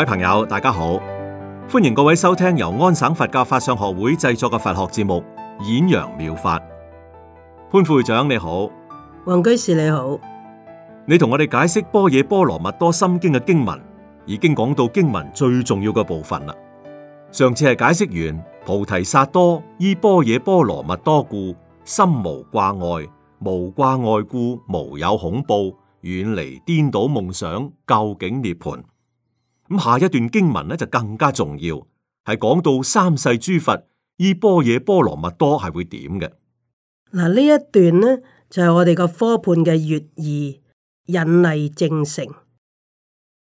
各位朋友，大家好，歡迎各位收聽由安省佛教法相學會製作嘅佛學節目《演揚妙法》。潘副會長你好，黃居士你好，你同我哋解釋《般若波羅蜜多心經》嘅經文，已經講到經文最重要嘅部分啦。上次係解釋完菩提薩多依般若波羅蜜多故，心無掛礙，無掛礙故，無有恐怖，遠離顛倒夢想，究竟涅槃。咁下一段經文咧就更加重要，係講到三世諸佛依般若波羅蜜多係會點嘅。嗱，呢一段咧就係、是、我哋個科判嘅乙二引例證成。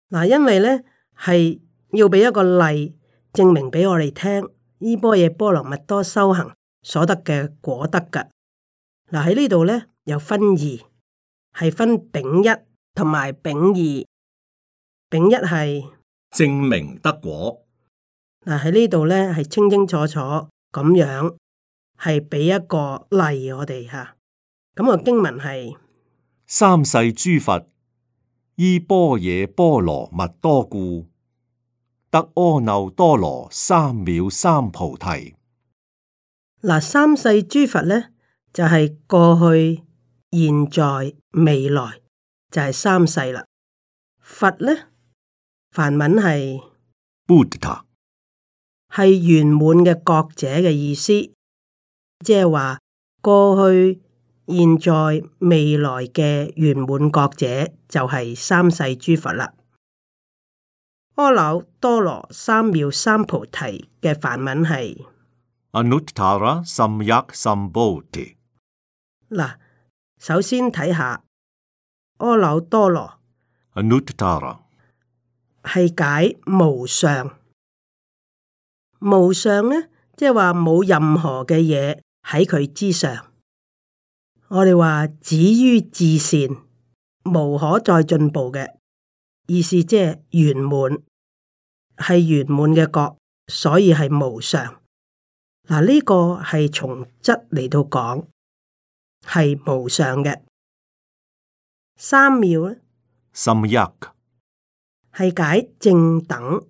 嗱，因為咧係要畀一個例證明畀我哋聽，依般若波羅蜜多修行所得嘅果德嘅。嗱喺呢度咧有分二，係分丙一同埋丙二。丙一係。證明得果。嗱，喺呢度咧係清清楚楚咁樣，係俾一個例我哋吓。咁個經文係，三世諸佛依般若波羅蜜多故得阿耨多羅三藐三菩提。嗱、啊、三世諸佛咧就係、是、過去現在未來就係、是、三世啦，佛咧，梵文係 Buddha，係圓滿嘅覺者嘅意思，即係話過去、現在、未來嘅圓滿覺者就係三世諸佛啦。阿耨多羅三藐三菩提嘅梵文係 Anuttara Samyak Sambodhi，嗱，首先睇下阿耨多羅 Anuttara 係解無上。無上咧，即係話冇任何嘅嘢喺佢之上。我哋話止於至善，無可再進步嘅，而是即係圓滿，係圓滿嘅覺，所以係無上。嗱、啊、呢、這個係從質嚟到講，係無上嘅三妙咧，三一。係解正等，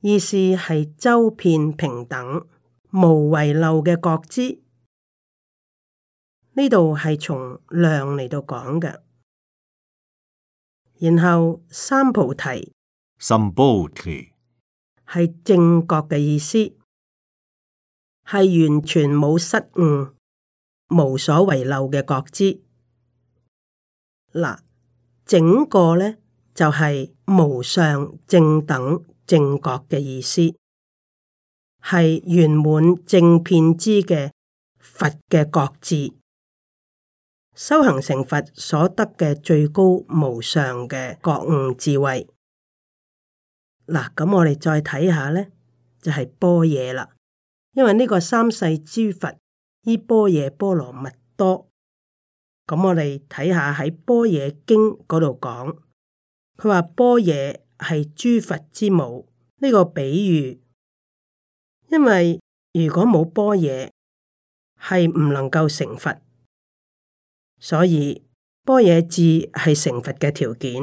意思係周遍平等、無遺漏嘅覺知。呢度係從量嚟到講嘅。然後三菩提，三菩提係正覺嘅意思，係完全冇失誤、無所遺漏嘅覺知。嗱，整個咧。就係無上正等正覺嘅意思，係圓滿正遍知嘅佛嘅覺智，修行成佛所得嘅最高無上嘅覺悟智慧。嗱，咁我哋再睇下呢，就係般若啦，因為呢個三世諸佛依般若波羅蜜多，咁我哋睇下喺般若經嗰度講。佢話般若係諸佛之母，呢個比喻，因為如果冇般若，係唔能夠成佛，所以般若字係成佛嘅條件。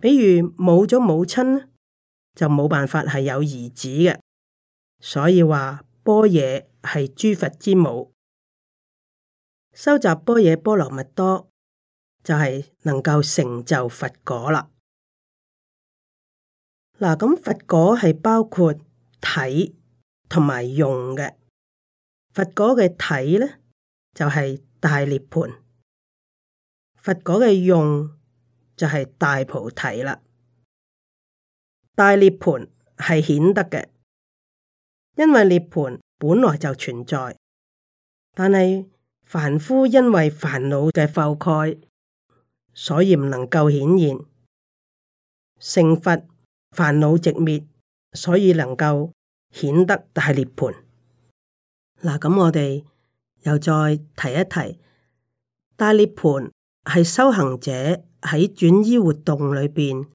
比如冇咗母親，就冇辦法係有兒子嘅，所以話般若係諸佛之母，收集般若波羅蜜多。就係能夠成就佛果啦。嗱，咁佛果係包括體同埋用嘅。佛果嘅體咧就係大涅盤，佛果嘅用就係大菩提啦。大涅盤係顯德嘅，因為涅盤本來就存在，但係凡夫因為煩惱嘅覆蓋。所以唔能夠顯現聖佛煩惱寂滅，所以能夠顯得大涅盤。嗱，咁我哋又再提一提大涅盤係修行者喺轉依活動裏邊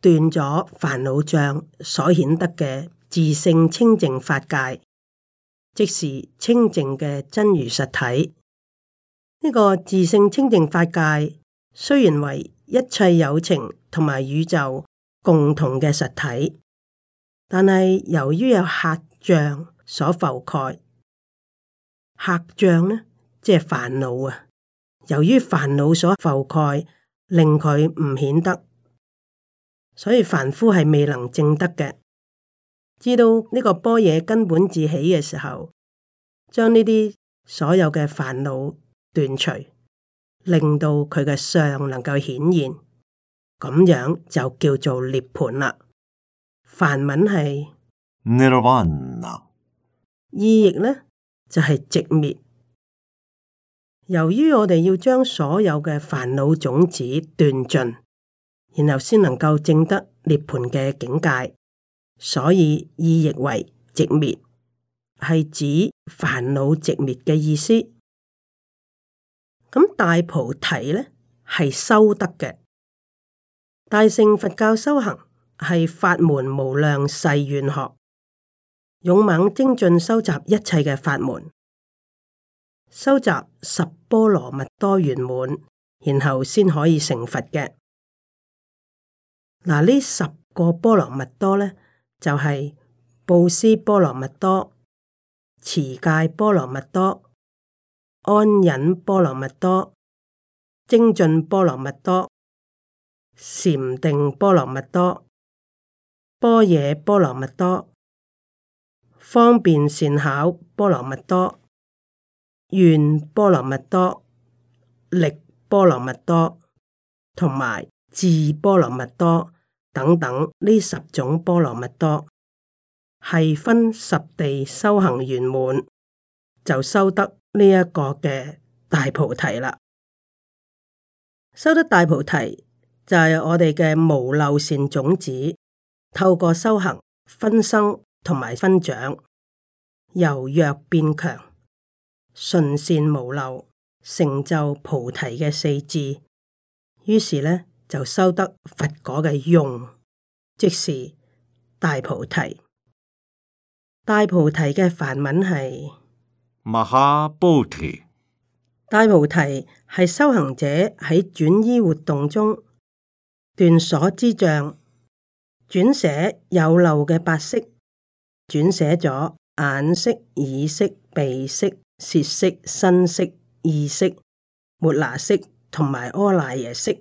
斷咗煩惱障所顯得嘅自性清淨法界，即是清淨嘅真如實體。呢、這個自性清淨法界。雖然為一切有情同埋宇宙共同嘅實體，但係由於有客像所覆蓋，客像呢即係煩惱啊！由於煩惱所覆蓋，令佢唔顯得，所以凡夫係未能證得嘅。直到呢個般若根本自起嘅時候，將呢啲所有嘅煩惱斷除。令到佢嘅相能夠顯現，咁樣就叫做涅槃啦。梵文係 nirvana，意譯咧就係寂滅。由於我哋要將所有嘅煩惱種子斷盡，然後先能夠證得涅槃嘅境界，所以意譯為寂滅，係指煩惱寂滅嘅意思。咁大菩提呢，係修得嘅。大乘佛教修行係法門無量誓願學，勇猛精進收集一切嘅法門，收集十波羅蜜多圓滿，然後先可以成佛嘅。嗱，呢十個波羅蜜多呢，就係、是、布施波羅蜜多、持戒波羅蜜多。安忍波羅蜜多、精進波羅蜜多、禪定波羅蜜多、般若波羅蜜多、方便善巧波羅蜜多、願波羅蜜多、力波羅蜜多、同埋智波羅蜜多等等呢十種波羅蜜多，係分十地修行圓滿就修得。呢一個嘅大菩提啦，修得大菩提就係、是、我哋嘅無漏善種子，透過修行分生同埋分長，由弱變強，純善無漏，成就菩提嘅四智。於是呢，就修得佛果嘅用，即是大菩提。大菩提嘅梵文係。Mahabodhi 大菩提，係修行者喺轉依活動中斷所知障，轉捨有漏嘅八識，轉捨咗眼識、耳識、鼻識、舌識、身識、意識、末那識同埋阿賴耶識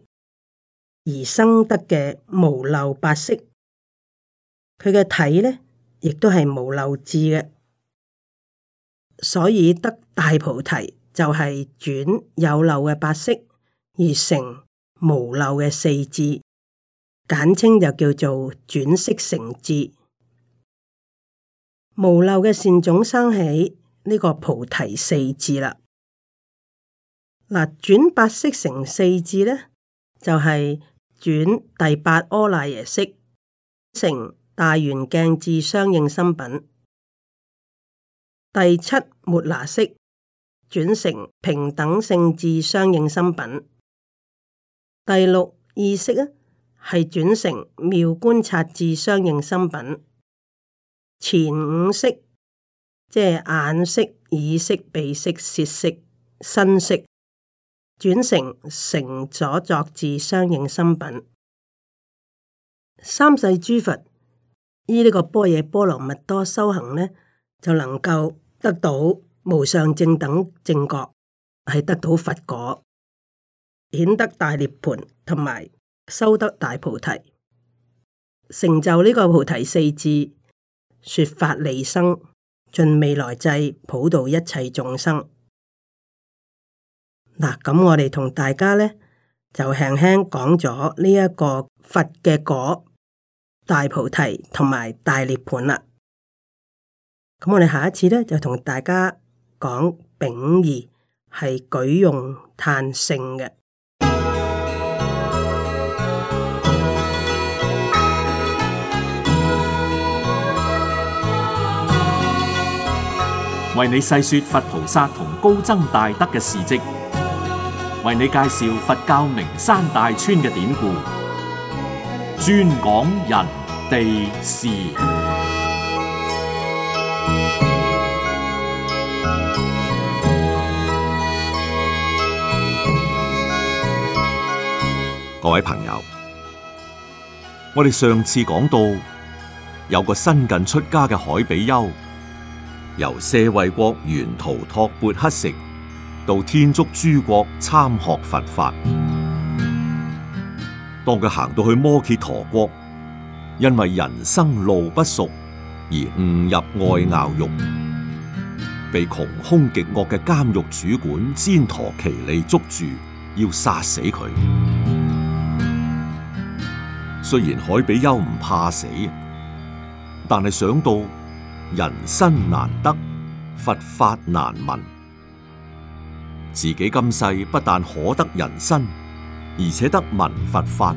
而生得嘅無漏八識，佢嘅體呢，亦都係無漏智嘅。所以得大菩提就係轉有漏嘅八識而成無漏嘅四智，簡稱就叫做轉識成智。無漏嘅善種生起呢、這個菩提四智啦。嗱，轉八識成四智咧，就係、是、轉第八阿賴耶識成大圓鏡智相應心品。第七末那識轉成平等性智相應心品，第六意識啊，係轉成妙觀察智相應心品，前五識即係眼識、耳識、鼻識、舌識、身識轉成成所作智相應心品，三世諸佛依呢個般若波羅蜜多修行呢，就能夠。得到無上正等正覺，係得到佛果，顯得大涅槃，同埋修得大菩提，成就呢個菩提四智，說法利生，盡未來際，普渡一切眾生。嗱，咁我哋同大家咧就輕輕講咗呢一個佛嘅果，大菩提同埋大涅槃啦。咁我哋下一次咧就同大家講丙二係舉用碳性嘅，為你細說佛菩薩同高僧大德嘅事跡，為你介紹佛教名山大川嘅典故，專講人地事。各位朋友，我哋上次講到有個新近出家嘅海比丘，由舍衛國沿途托缽乞食，到天竺諸國參學佛法。當佢行到去摩羯陀國，因為人生路不熟而誤入外牛獄，被窮凶極，極惡嘅監獄主管旃陀奇利捉住，要殺死佢。雖然海比丘唔怕死，但係想到人生難得，佛法難聞，自己今世不但可得人身，而且得聞佛法，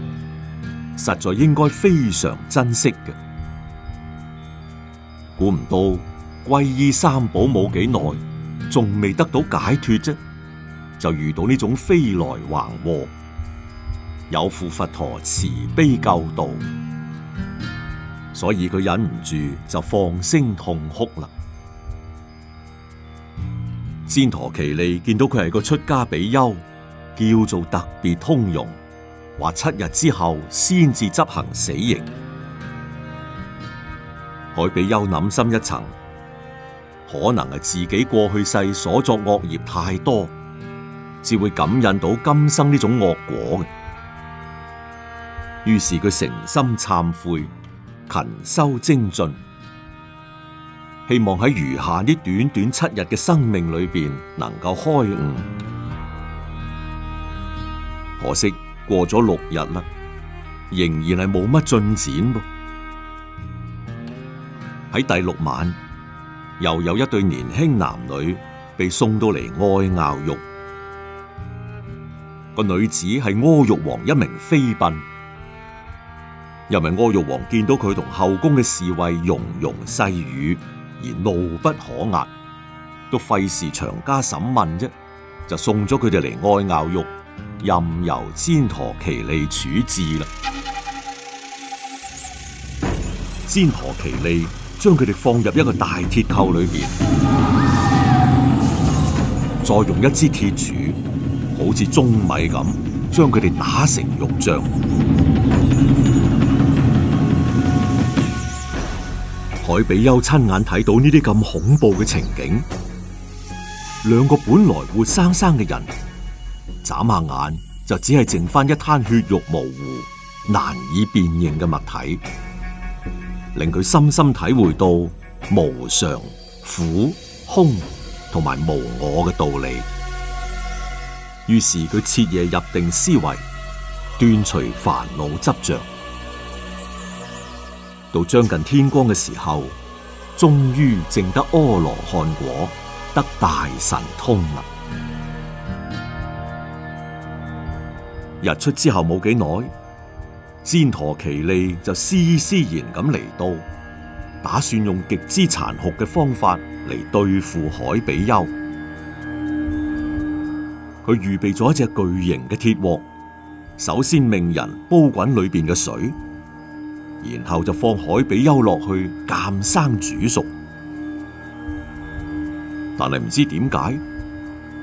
實在應該非常珍惜嘅。估唔到皈依三寶冇幾耐，仲未得到解脫啫，就遇到呢種飛來橫禍。有父佛陀慈悲救度，所以佢忍唔住就放聲痛哭啦。旃陀奇利見到佢係個出家比丘，叫做特別通融，話七日之後先至執行死刑。海比丘諗深一層，可能係自己過去世所作惡業太多，至會感染到今生呢種惡果嘅。於是佢誠心懺悔，勤修精進，希望喺餘下呢短短七日嘅生命裏邊能夠開悟。可惜過咗六日啦，仍然係冇乜進展喎。喺第六晚，又有一對年輕男女被送到嚟愛樂獄。個女子係阿育王一名妃嬪。又係阿育王見到佢同後宮嘅侍衛喁喁細語，而怒不可遏，都費事長加審問啫，就送咗佢哋嚟愛熬獄，任由煎陀其利處置啦。煎陀其利將佢哋放入一個大鐵扣裏邊，再用一支鐵柱，好似舂米咁，將佢哋打成肉醬。海比丘親眼睇到呢啲咁恐怖嘅情景，兩個本來活生生嘅人，眨下眼就只係剩翻一灘血肉模糊、難以辨認嘅物體，令佢深深體會到無常、苦、空同埋無我嘅道理。於是佢徹夜入定思維，斷除煩惱執着。到將近天光嘅時候，終於證得阿羅漢果，得大神通啦。 日出之後冇幾耐，旃 陀奇利就絲絲然咁嚟到，打算用極之殘酷嘅方法嚟對付海比丘。佢預備咗一隻巨型嘅鐵鍋，首先命人煲滾裏邊嘅水。然後就放海比丘落去鑒生煮熟，但係唔知點解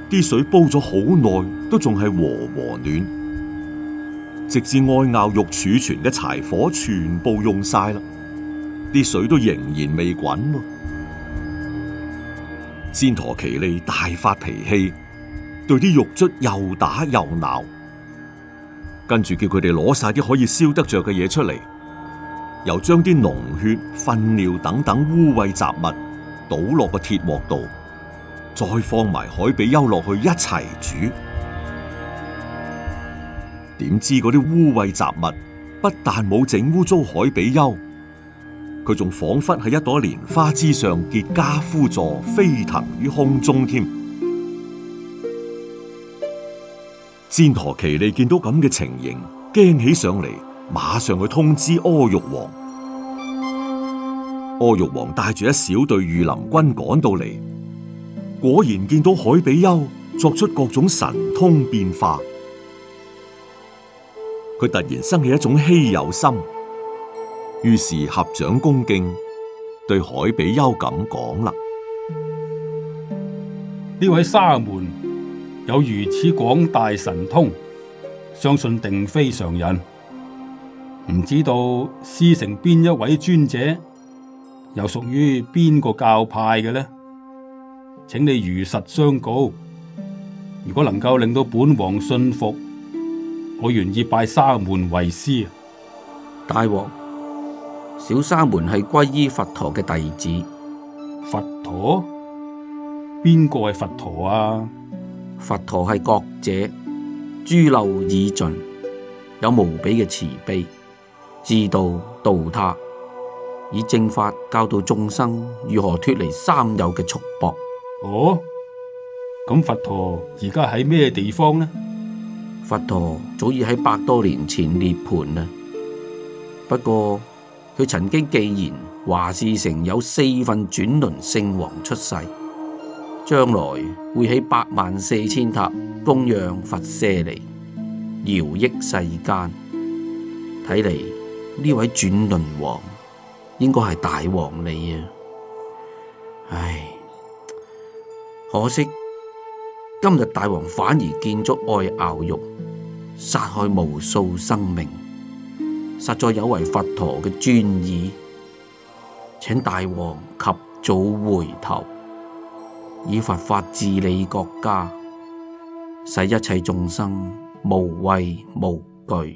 啲水煲咗好耐都仲係和和暖，直至愛咬肉儲存嘅柴火全部用晒啦，啲水都仍然未滾。煎陀奇利大發脾氣，對啲獄卒又打又鬧，跟住叫佢哋攞晒啲可以燒得着嘅嘢出嚟。又將啲膿血、糞尿等等污穢雜物倒落個鐵鑊度，再放埋海比丘落去一齊煮。點知嗰啲污穢雜物不但冇整污糟海比丘，佢仲仿佛喺一朵蓮花之上結跏趺坐，飛騰於空中添。旃陀奇利見到咁嘅情形，驚起上嚟。馬上去通知阿育王。阿育王帶住一小隊御林軍趕到嚟，果然見到海比丘作出各種神通變化。佢突然生起一種稀有心，於是合掌恭敬對海比丘咁講啦：呢位沙門有如此廣大神通，相信定非常人。唔知道師承邊一位尊者，又屬於邊個教派嘅呢？請你如實相告。如果能夠令到本王信服，我願意拜沙門為師。大王，小沙門係皈依佛陀嘅弟子。佛陀？邊個係佛陀啊？佛陀係覺者，諸漏已盡，有無比嘅慈悲。自度度他，以正法教導眾生如何脫離三有嘅束縛。哦，咁佛陀而家喺咩地方呢？佛陀早已喺百多年前涅槃啦。不過佢曾經記言華氏城有四份轉輪聖王出世，將來會起八萬四千塔供養佛舍利，饒益世間。睇嚟。呢位轉輪王應該係大王你啊！唉，可惜今日大王反而建築愛樂獄，殺害無數生命，實在有違佛陀嘅尊意。請大王及早回頭，以佛法治理國家，使一切眾生無畏無懼。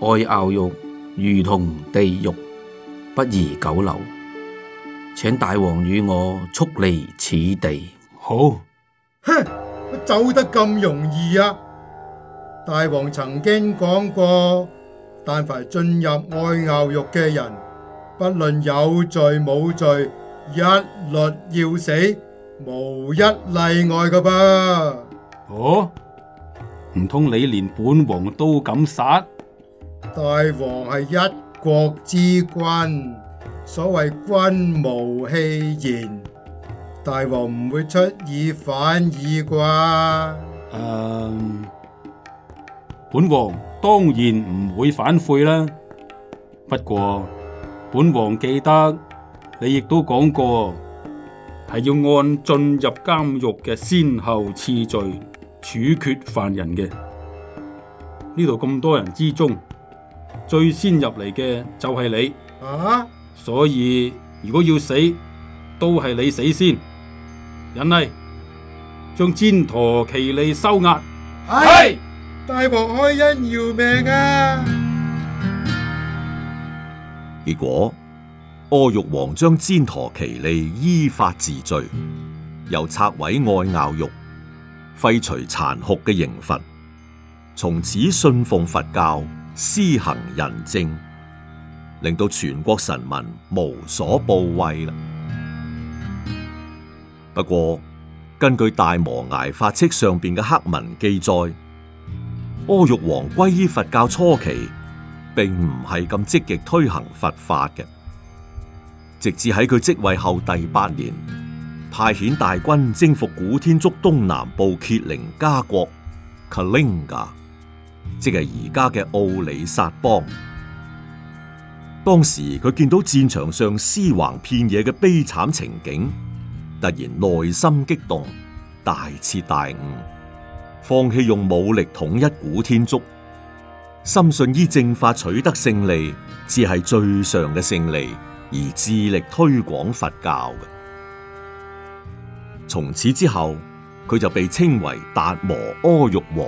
愛牛肉如同地獄，不宜久留，請大王與我速離此地。好！哼，走得咁容易啊？大王曾經講過，但凡進入愛牛肉嘅人，不論有罪冇罪，一律要死，無一例外噶噃。哦，唔通你連本王都敢殺？大王係一國之君，所謂君無戲言，大王唔會出爾反爾啩？Um，本王當然唔會反悔啦。不過本王記得你亦都講過，係要按進入監獄嘅先後次序處決犯人嘅。呢度咁多人之中，最先入嚟嘅就係你，啊、所以如果要死，都係你死先。忍嚟，將旃陀奇利收押。係是是大王開恩饒命啊！結果阿育王將旃陀奇利依法治罪，又拆毀外咬肉，廢除殘酷嘅刑罰，從此信奉佛教。施行仁政，令到全國臣民無所怖畏啦。不過，根據大摩崖法冊上邊嘅黑文記載，阿育王歸依佛教初期，並唔係咁積極推行佛法嘅。直至喺佢即位後第八年，派遣大軍征服古天竺東南部羯陵伽國。即係而家嘅奧里薩邦。當時佢見到戰場上屍橫遍野嘅悲慘情景，突然內心激動，大徹大悟，放棄用武力統一古天竺，深信依正法取得勝利，至係最上嘅勝利，而致力推廣佛教嘅。從此之後，佢就被稱為達摩阿育王。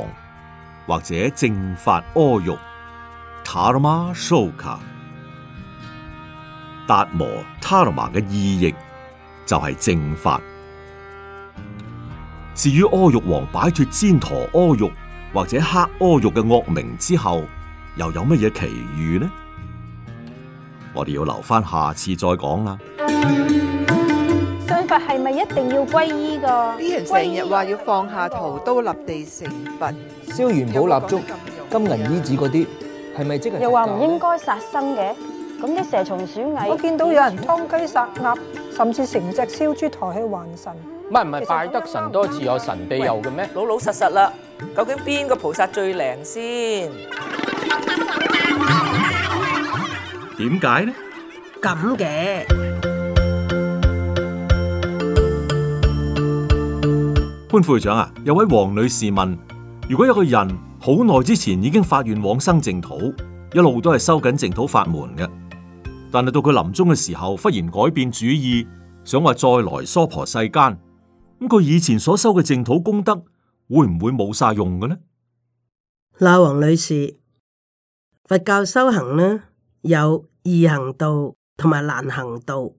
或者正法阿育塔羅瑪蘇卡達摩塔羅瑪嘅意譯就係、是、正法。至於阿育王擺脫旃陀阿育或者黑阿育嘅惡名之後，又有乜嘢奇遇呢？我哋要留翻，下次再講啦。係咪一定要皈依㗎？啲人成日話要放下屠刀立地成佛，燒元寶蠟燭、金銀衣紙嗰啲，係咪即係？又話唔應該殺生嘅，咁啲蛇蟲鼠蟻，我見到有人劏雞殺鴨，甚至成隻燒豬抬去還神。唔係唔係，拜得神多自有神庇佑嘅咩？老老實實啦，究竟邊個菩薩最靈先？點解呢？咁嘅。潘會長啊，有位黃女士問：如果有個人好耐之前已經發願往生淨土，一路都係修緊淨土法門嘅，但係到佢臨終嘅時候忽然改變主意，想話再來娑婆世間，咁佢以前所修嘅淨土功德會唔會冇晒用嘅呢？嗱，黃女士，佛教修行呢有易行道同埋難行道，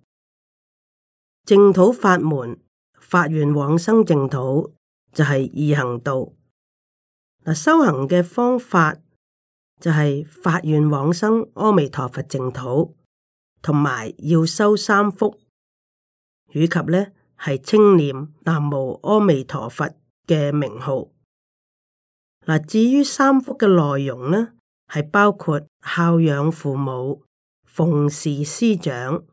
淨土法門。發願往生淨土就係、是、易行道。修行嘅方法就係發願往生阿彌陀佛淨土，同埋要修三福，以及呢係稱念南無阿彌陀佛嘅名號。嗱，至於三福嘅內容呢，係包括孝養父母、奉事師長、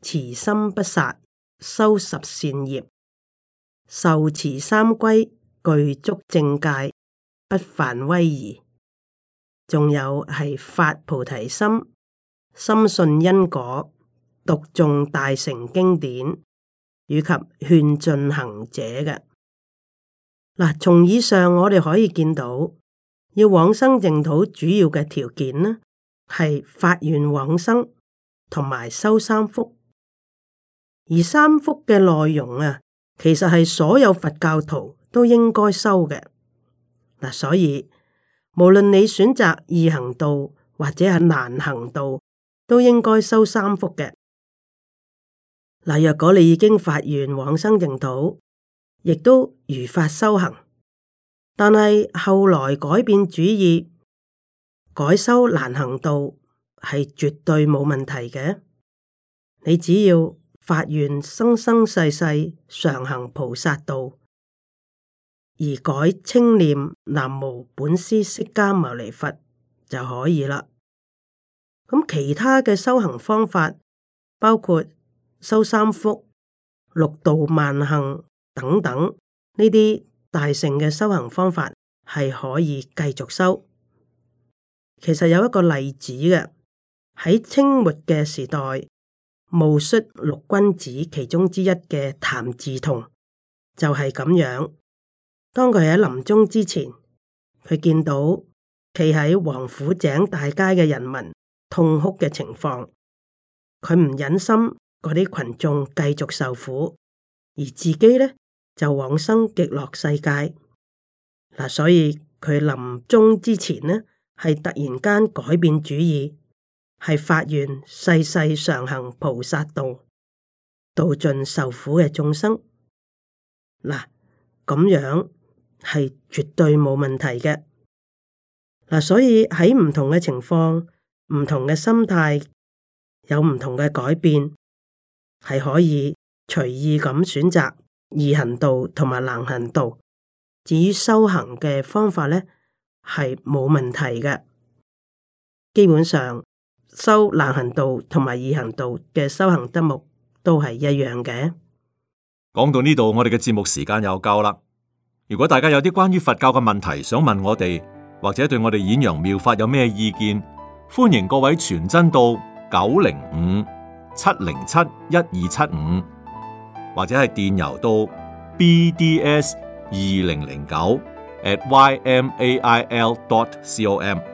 慈心不殺、修十善業。受持三歸，具足正戒，不犯威儀，仲有係發菩提心、深信因果、讀誦大乘經典以及勸進行者嘅。嗱，從以上我哋可以見到，要往生淨土主要嘅條件呢，係發願往生同埋修三福，而三福嘅內容啊。其實係所有佛教徒都應該修嘅。嗱，所以無論你選擇易行道或者係難行道，都應該修三福嘅。嗱，若果你已經發願往生淨土，亦都如法修行，但係後來改變主意，改修難行道，係絕對冇問題嘅。你只要發願生生世世常行菩薩道，而改清念南無本師釋迦牟尼佛就可以喇。咁其他嘅修行方法包括修三福、六度萬行等等呢啲大乘嘅修行方法係可以繼續修。其實有一個例子嘅，喺清末嘅時代。戊戌六君子其中之一嘅譚嗣同就係、是、咁樣，當佢喺臨終之前，佢見到企喺王府井大街嘅人民痛哭嘅情況，佢唔忍心嗰啲群眾繼續受苦，而自己咧就往生極樂世界。嗱、啊，所以佢臨終之前呢，係突然間改變主意。係發願世世常行菩薩道，度盡受苦嘅眾生。嗱，咁樣係絕對冇問題嘅。嗱，所以喺唔同嘅情況、唔同嘅心態，有唔同嘅改變，係可以隨意咁選擇易行道同埋難行道。至於修行嘅方法咧，係冇問題嘅，基本上。修難行道同埋易行道嘅修行德目都係一樣嘅。講到呢度，我哋嘅節目時間又夠啦。如果大家有啲關於佛教嘅問題想問我哋，或者對我哋演揚妙法有咩意見，歡迎各位傳真到九零五七零七一二七五，75, 或者係電郵到 bds 二零零九 at ymail.com。